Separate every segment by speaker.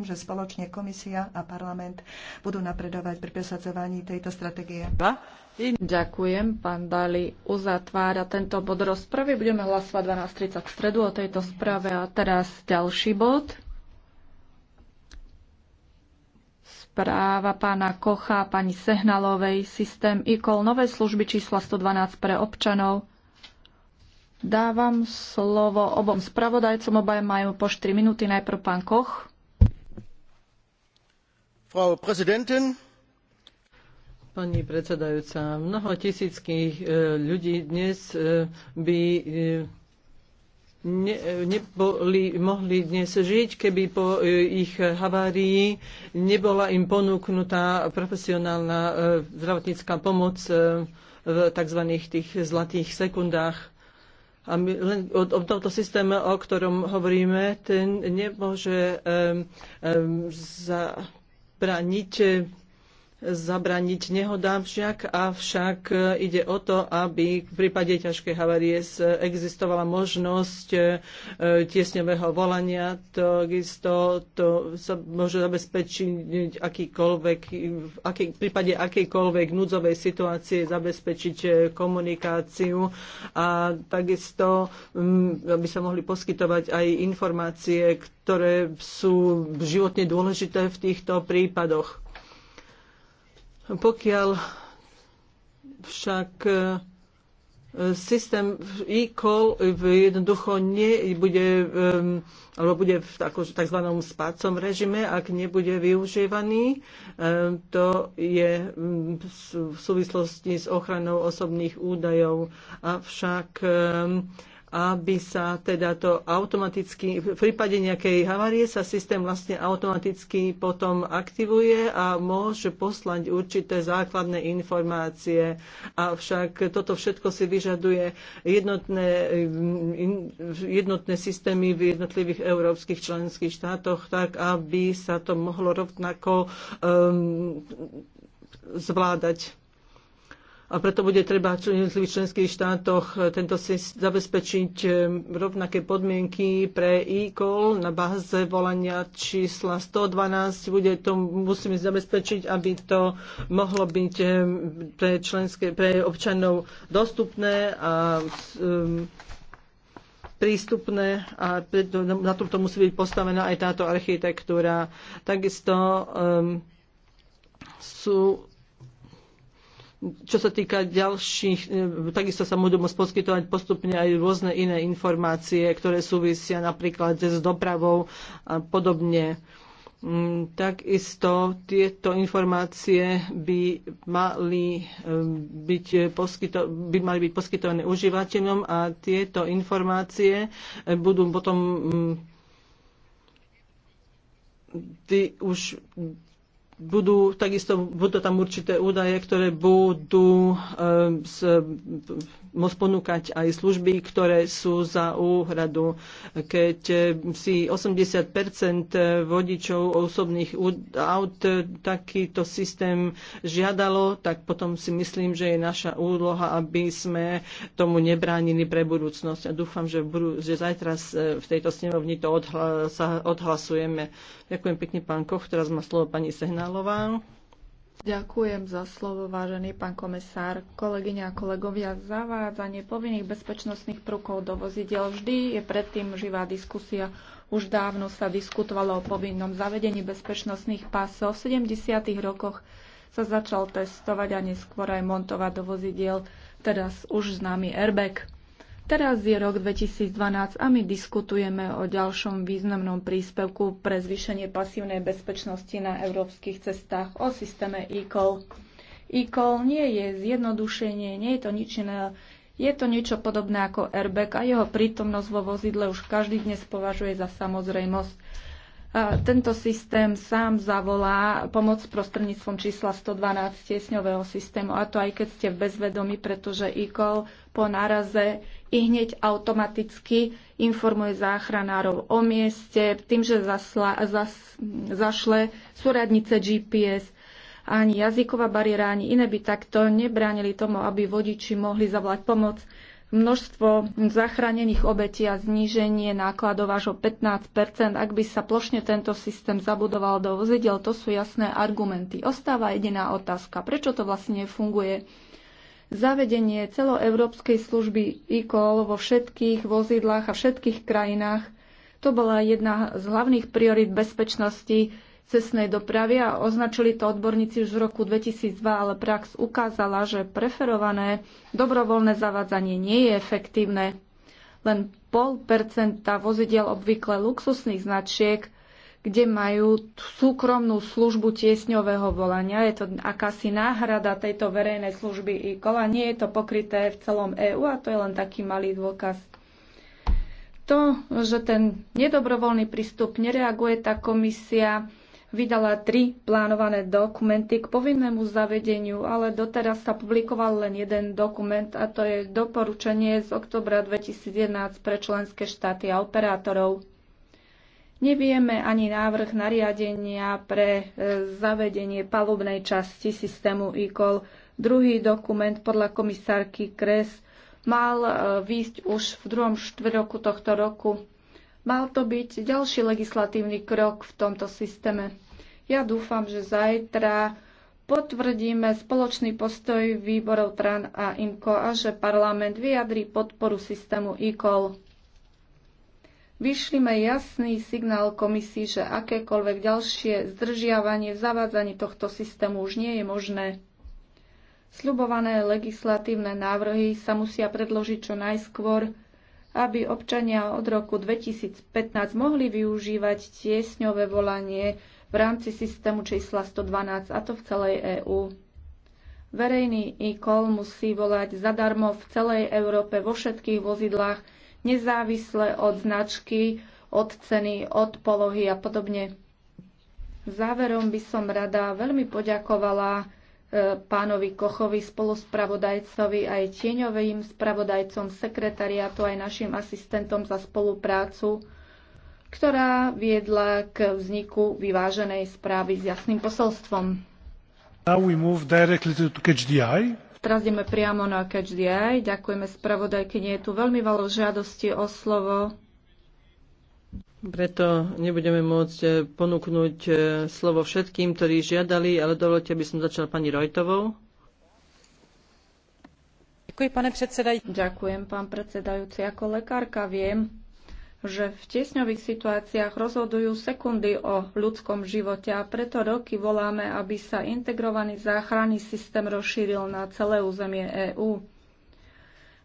Speaker 1: že spoločne komisia a parlament budú napredovať pri presadzovaní tejto stratégie.
Speaker 2: Ďakujem, pán Dali. Uzatvára tento bod rozpravy. Budeme hlasovať 12.30 v stredu o tejto správe. A teraz ďalší bod. Správa pána Kocha, pani Sehnalovej, systém IKOL, nové služby čísla 112 pre občanov. Dávam slovo obom spravodajcom, obaj majú po 4 minúty. Najprv pán Koch.
Speaker 3: Pani predsedajúca, mnoho tisícky e, ľudí dnes e, by e, ne, neboli, mohli dnes žiť, keby po ich havárii nebola im ponúknutá profesionálna zdravotnícká pomoc v tzv. tých zlatých sekundách. A my len o, o tomto systéme, o ktorom hovoríme, ten nemôže um, um, za, brániť zabraniť nehodám však, avšak e, ide o to, aby v prípade ťažkej havarie e, existovala možnosť e, tiesňového volania. Takisto to sa môže zabezpečiť akýkoľvek, v, aký, v prípade akejkoľvek núdzovej situácie zabezpečiť komunikáciu a takisto, aby sa mohli poskytovať aj informácie, ktoré sú životne dôležité v týchto prípadoch. Pokiaľ však e, systém e-call jednoducho nebude, alebo bude v tzv. spácom režime, ak nebude využívaný. To je v súvislosti s ochranou osobných údajov. Avšak aby sa teda to automaticky, v prípade nejakej havárie sa systém vlastne automaticky potom aktivuje a môže poslať určité základné informácie. Avšak toto všetko si vyžaduje jednotné, jednotné systémy v jednotlivých európskych členských štátoch, tak aby sa to mohlo rovnako um, zvládať a preto bude treba v jednotlivých členských štátoch eh, tento zabezpečiť eh, rovnaké podmienky pre e-call na báze volania čísla 112. Bude to, musíme zabezpečiť, aby to mohlo byť eh, pre, členské, pre občanov dostupné a ehm, prístupné a na tomto musí byť postavená aj táto architektúra. Takisto um, sú čo sa týka ďalších, e, takisto sa budú môcť poskytovať postupne aj rôzne iné informácie, ktoré súvisia napríklad s dopravou a podobne. Mm, takisto tieto informácie by mali e, byť, poskyto, by mali byť poskytované užívateľom a tieto informácie e, budú potom mm, tí už budú, takisto budú tam určité údaje, ktoré budú ehm, môcť ponúkať aj služby, ktoré sú za úhradu. Keď eh, si 80 vodičov osobných aut eh, takýto systém žiadalo, tak potom si myslím, že je naša úloha, aby sme tomu nebránili pre budúcnosť. A dúfam, že, budú, že zajtra eh, v tejto snemovni to odhla, sa odhlasujeme. Ďakujem pekne, pán Koch. Teraz má slovo pani Sehnal. Mihajlová.
Speaker 2: Ďakujem za slovo, vážený pán komisár. Kolegyne a kolegovia, zavádzanie povinných bezpečnostných prúkov do vozidel vždy je predtým živá diskusia. Už dávno sa diskutovalo o povinnom zavedení bezpečnostných pásov. V 70. rokoch sa začal testovať a neskôr aj montovať do vozidiel, teraz už známy airbag. Teraz je rok 2012 a my diskutujeme o ďalšom významnom príspevku pre zvýšenie pasívnej bezpečnosti na európskych cestách o systéme e-call. E-call nie je zjednodušenie, nie je to nič iné. Je to niečo podobné ako airbag a jeho prítomnosť vo vozidle už každý dnes považuje za samozrejmosť. tento systém sám zavolá pomoc prostredníctvom čísla 112 tiesňového systému, a to aj keď ste v bezvedomí, pretože e-call po náraze i hneď automaticky informuje záchranárov o mieste, tým, že zasla, zas, zašle súradnice GPS. Ani jazyková bariéra, ani iné by takto nebránili tomu, aby vodiči mohli zavolať pomoc. Množstvo zachránených obetí a zníženie nákladov až o 15 ak by sa plošne tento systém zabudoval do vozidel, to sú jasné argumenty. Ostáva jediná otázka, prečo to vlastne funguje. Zavedenie celoeurópskej služby e-call vo všetkých vozidlách a všetkých krajinách to bola jedna z hlavných priorit bezpečnosti cestnej dopravy a označili to odborníci už v roku 2002, ale prax ukázala, že preferované dobrovoľné zavádzanie nie je efektívne. Len pol percenta vozidiel obvykle luxusných značiek kde majú súkromnú službu tiesňového volania. Je to akási náhrada tejto verejnej služby i kola Nie je to pokryté v celom EÚ a to je len taký malý dôkaz. To, že ten nedobrovoľný prístup nereaguje, tá komisia vydala tri plánované dokumenty k povinnému zavedeniu, ale doteraz sa publikoval len jeden dokument a to je doporučenie z oktobra 2011 pre členské štáty a operátorov. Nevieme ani návrh nariadenia pre e, zavedenie palubnej časti systému e-call. Druhý dokument podľa komisárky Kres mal e, výjsť už v druhom štvrtoku tohto roku. Mal to byť ďalší legislatívny krok v tomto systéme. Ja dúfam, že zajtra potvrdíme spoločný postoj výborov TRAN a IMCO a že parlament vyjadrí podporu systému e-call vyšlime jasný signál komisii, že akékoľvek ďalšie zdržiavanie v zavádzaní tohto systému už nie je možné. Sľubované legislatívne návrhy sa musia predložiť čo najskôr, aby občania od roku 2015 mohli využívať tiesňové volanie v rámci systému čísla 112, a to v celej EÚ. Verejný e-call musí volať zadarmo v celej Európe vo všetkých vozidlách, nezávisle od značky, od ceny, od polohy a podobne. Záverom by som rada veľmi poďakovala e, pánovi Kochovi, spoluspravodajcovi, aj tieňovým spravodajcom sekretariátu, aj našim asistentom za spoluprácu, ktorá viedla k vzniku vyváženej správy s jasným posolstvom.
Speaker 4: Now we move directly to KHDI
Speaker 2: teraz ideme priamo na Catch the Eye. Ďakujeme nie Je tu veľmi veľa žiadosti o
Speaker 3: slovo. Preto nebudeme môcť e, ponúknuť e, slovo všetkým, ktorí žiadali, ale dovolte, aby som začal pani Rojtovou.
Speaker 2: Ďakujem, pane predsedajúci. Ďakujem, pán predsedajúci. Ako lekárka viem, že v tiesňových situáciách rozhodujú sekundy o ľudskom živote a preto roky voláme, aby sa integrovaný záchranný systém rozšíril na celé územie EÚ.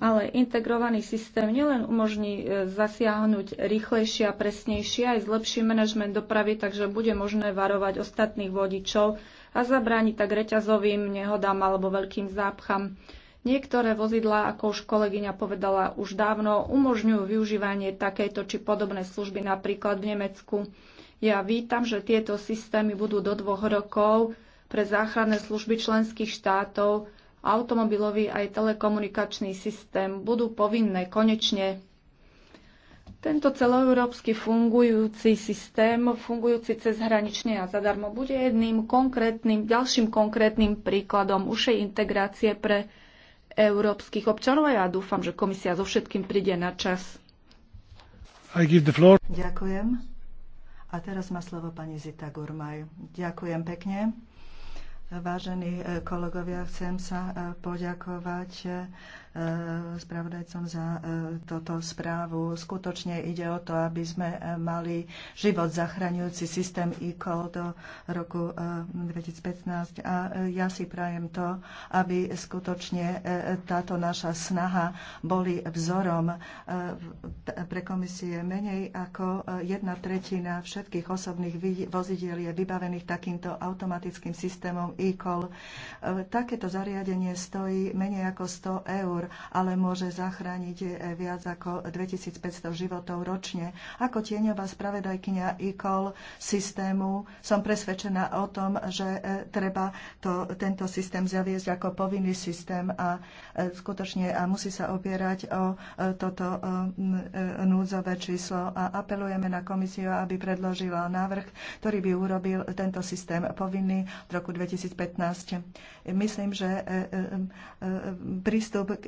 Speaker 2: Ale integrovaný systém nielen umožní e, zasiahnuť rýchlejšie a presnejšie, aj zlepší manažment dopravy, takže bude možné varovať ostatných vodičov a zabrániť tak reťazovým nehodám alebo veľkým zápcham. Niektoré vozidlá, ako už kolegyňa povedala už dávno, umožňujú využívanie takéto či podobnej služby napríklad v Nemecku. Ja vítam, že tieto systémy budú do dvoch rokov pre záchranné služby členských štátov, automobilový aj telekomunikačný systém budú povinné konečne. Tento celoeurópsky fungujúci systém, fungujúci hranične a zadarmo, bude jedným konkrétnym, ďalším konkrétnym príkladom ušej integrácie pre európskych občanov a ja dúfam, že komisia so všetkým príde na čas.
Speaker 4: I give the floor.
Speaker 2: Ďakujem. A teraz má slovo pani Zita
Speaker 1: Gurmaj. Ďakujem pekne. Vážení e, kolegovia, chcem sa e, poďakovať e, Eh, spravodajcom za eh, toto správu. Skutočne ide o to, aby sme eh, mali život zachraňujúci systém e-call do roku 2015 a ja si prajem to, aby skutočne táto naša snaha boli vzorom pre komisie menej ako jedna tretina všetkých osobných vozidiel je vybavených takýmto automatickým systémom e-call. Takéto zariadenie stojí menej ako 100 eur eur, ale môže zachrániť eh, viac ako 2500 životov ročne. Ako tieňová spravedajkynia e-call systému som presvedčená o tom, že eh, treba to, tento systém zaviesť ako povinný systém a eh, skutočne a musí sa opierať o toto núdzové číslo a apelujeme na komisiu, aby predložila návrh, ktorý by urobil tento systém povinný v roku 2015. Myslím, že prístup k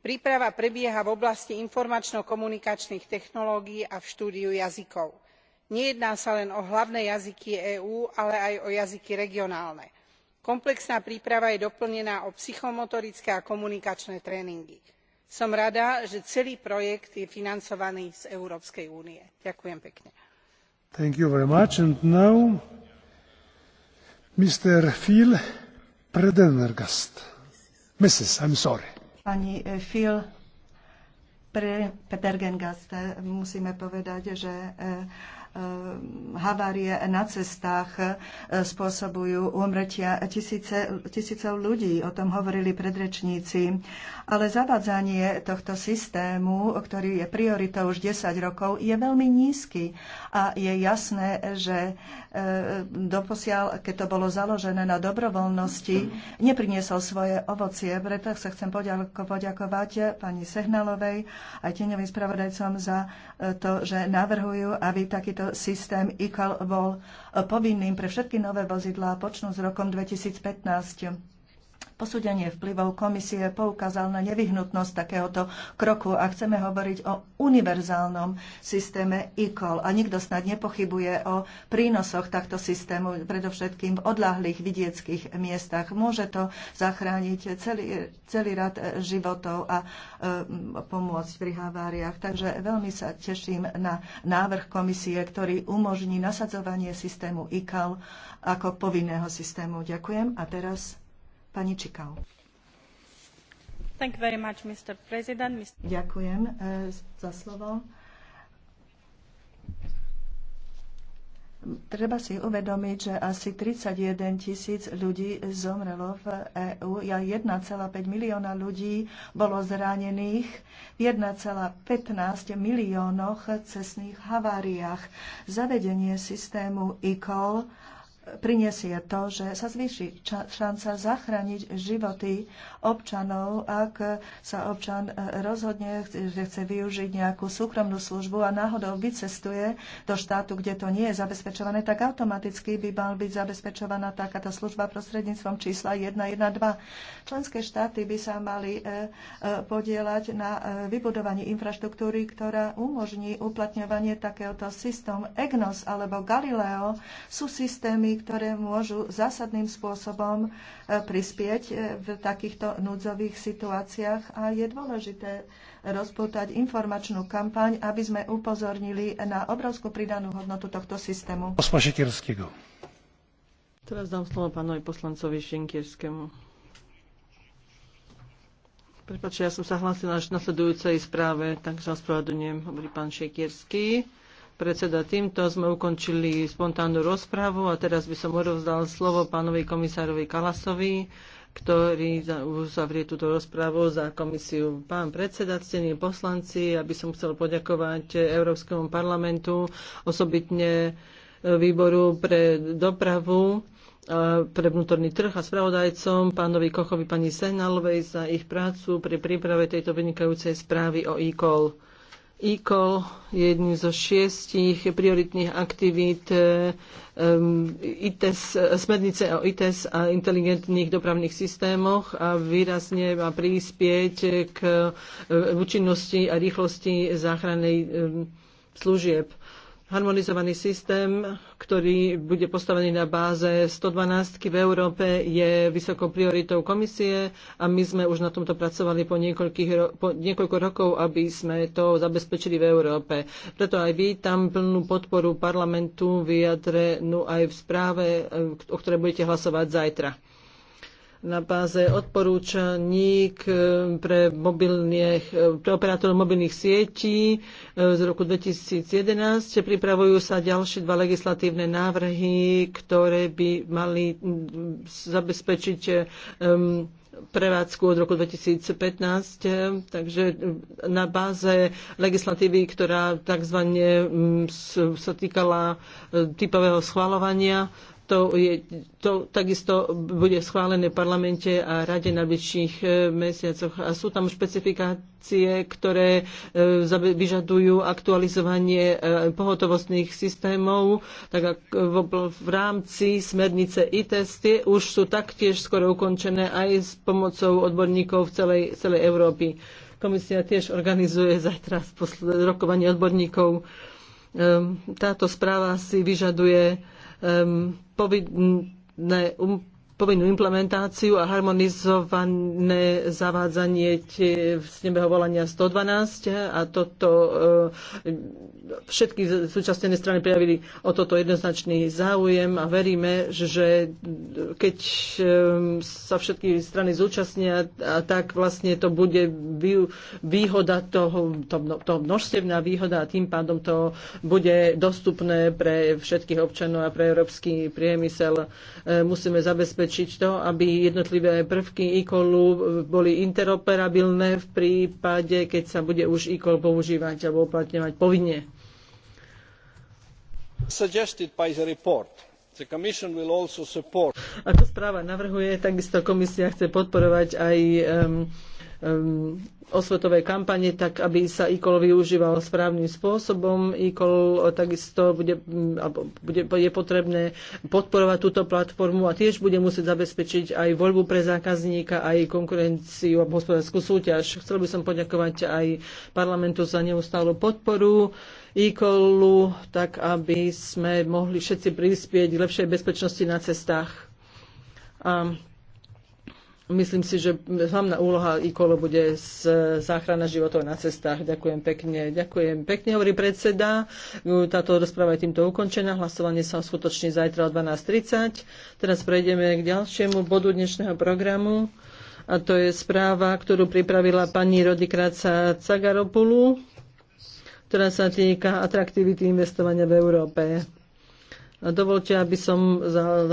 Speaker 4: príprava prebieha v oblasti informačno komunikačných technológií a v štúdiu jazykov. nejedná sa len o hlavné jazyky eú ale aj o jazyky regionálne. komplexná príprava je doplnená o psychomotorické a komunikačné tréningy. som rada že celý projekt je financovaný z európskej únie. ďakujem pekne. Phil,
Speaker 1: Pani e, Phil pre Petergengaste musíme povedať, že e, Eh, havárie na cestách eh, spôsobujú úmrtia tisíce, tisícov ľudí. O tom hovorili predrečníci. Ale zavadzanie tohto systému, ktorý je prioritou už 10 rokov, je veľmi nízky. A je jasné, že eh, doposiaľ, keď to bolo založené na dobrovoľnosti, nepriniesol svoje ovocie. Preto sa chcem poďakovať pani Sehnalovej aj tieňovým spravodajcom za to, že navrhujú, aby takýto tento systém ICAL bol povinným pre všetky nové vozidlá počnú s rokom 2015. Posúdenie vplyvov komisie poukázal na nevyhnutnosť takéhoto kroku a chceme hovoriť o univerzálnom systéme ICOL. A nikto snad nepochybuje o prínosoch takto systému, predovšetkým v odlahlých vidieckých miestach. Môže to zachrániť celý, celý rad e, životov a e, pomôcť pri haváriách. Takže veľmi sa teším na návrh komisie, ktorý umožní nasadzovanie systému ICAL ako povinného systému. Ďakujem. A teraz Pani Čikau.
Speaker 2: Much, Mr. Mr.
Speaker 1: Ďakujem e, za slovo. Treba si uvedomiť, že asi 31 tisíc ľudí zomrelo v EÚ a 1,5 milióna ľudí bolo zranených v 1,15 miliónoch cestných haváriách. Zavedenie systému e prinesie to, že sa zvýši šanca zachrániť životy občanov, ak sa občan e, rozhodne, že chce využiť nejakú súkromnú službu a náhodou vycestuje do štátu, kde to nie je zabezpečované, tak automaticky by mal byť zabezpečovaná takáto služba prostredníctvom čísla 112. Členské štáty by sa mali e, e, podielať na vybudovaní infraštruktúry, ktorá umožní uplatňovanie takéhoto systému EGNOS alebo Galileo sú systémy, ktoré môžu zásadným spôsobom e, prispieť e, v takýchto núdzových situáciách a je dôležité rozpútať informačnú kampaň, aby sme upozornili na obrovskú pridanú hodnotu tohto systému.
Speaker 3: Teraz dám slovo pánovi poslancovi Šenkierskému. Prepačte, ja som sa hlásila až v nasledujúcej správe, takže ospravedlňujem, hovorí pán Šekierský predseda, týmto sme ukončili spontánnu rozprávu a teraz by som odovzdal slovo pánovi komisárovi Kalasovi, ktorý uzavrie túto rozprávu za komisiu. Pán predseda, ctení poslanci, aby som chcel poďakovať Európskemu parlamentu, osobitne e, výboru pre dopravu, e, pre vnútorný trh a spravodajcom, pánovi Kochovi, pani Senalovej za ich prácu pri príprave tejto vynikajúcej správy o e-call. ECOL je jedným zo šiestich prioritných aktivít um, ITES, smernice o ITES a inteligentných dopravných systémoch a výrazne má prispieť k uh, účinnosti a rýchlosti záchrannej um, služieb harmonizovaný systém, ktorý bude postavený na báze 112 v Európe, je vysokou prioritou komisie a my sme už na tomto pracovali po, ro- po niekoľko rokov, aby sme to zabezpečili v Európe. Preto aj vítam plnú podporu parlamentu vyjadrenú no aj v správe, e, o ktorej budete hlasovať zajtra na báze odporúčaní eh, pre, eh, pre operátorov mobilných sietí eh, z roku 2011. Pripravujú sa ďalšie dva legislatívne návrhy, ktoré by mali mm, zabezpečiť prevádzku od roku 2015, takže na báze legislatívy, ktorá tzv. Mm, sa týkala typového schvalovania, to, je, to takisto bude schválené v parlamente a rade na bližších e, mesiacoch. A sú tam špecifikácie, ktoré e, vyžadujú aktualizovanie e, pohotovostných systémov, tak v rámci smernice ITS tie už sú taktiež skoro ukončené aj s pomocou odborníkov v celej, celej Európy. Komisia tiež organizuje zajtra rokovanie odborníkov. Táto správa si vyžaduje Ehm, um povinné um, povinnú implementáciu a harmonizované zavádzanie snebeho volania 112 a toto e, všetky súčasnené strany prijavili o toto jednoznačný záujem a veríme, že keď e, sa všetky strany zúčastnia, tak vlastne to bude výhoda toho, to, to množstevná výhoda a tým pádom to bude dostupné pre všetkých občanov a pre európsky priemysel. E, musíme zabezpečiť zabezpečiť to, aby jednotlivé prvky e-callu boli interoperabilné v prípade, keď sa bude už e-call používať alebo uplatňovať povinne.
Speaker 4: Suggested by the report.
Speaker 3: Ako správa navrhuje, takisto komisia chce podporovať aj um, um, osvetovej kampane, tak aby sa e využíval správnym spôsobom. e takisto bude, mm, bude, je potrebné podporovať túto platformu a tiež bude musieť zabezpečiť aj voľbu pre zákazníka, aj konkurenciu a hospodárskú súťaž. Chcel by som poďakovať aj parlamentu za neustálu podporu e tak aby sme mohli všetci prispieť k lepšej bezpečnosti na cestách. A myslím si, že hlavná úloha IKOLO bude z záchrana životov na cestách. Ďakujem pekne. Ďakujem pekne, hovorí predseda. Táto rozpráva je týmto ukončená. Hlasovanie sa skutočne zajtra o 12.30. Teraz prejdeme k ďalšiemu bodu dnešného programu. A to je správa, ktorú pripravila pani Rodikráca Cagaropulu, ktorá sa týka atraktivity investovania v Európe. Dovolte, aby som za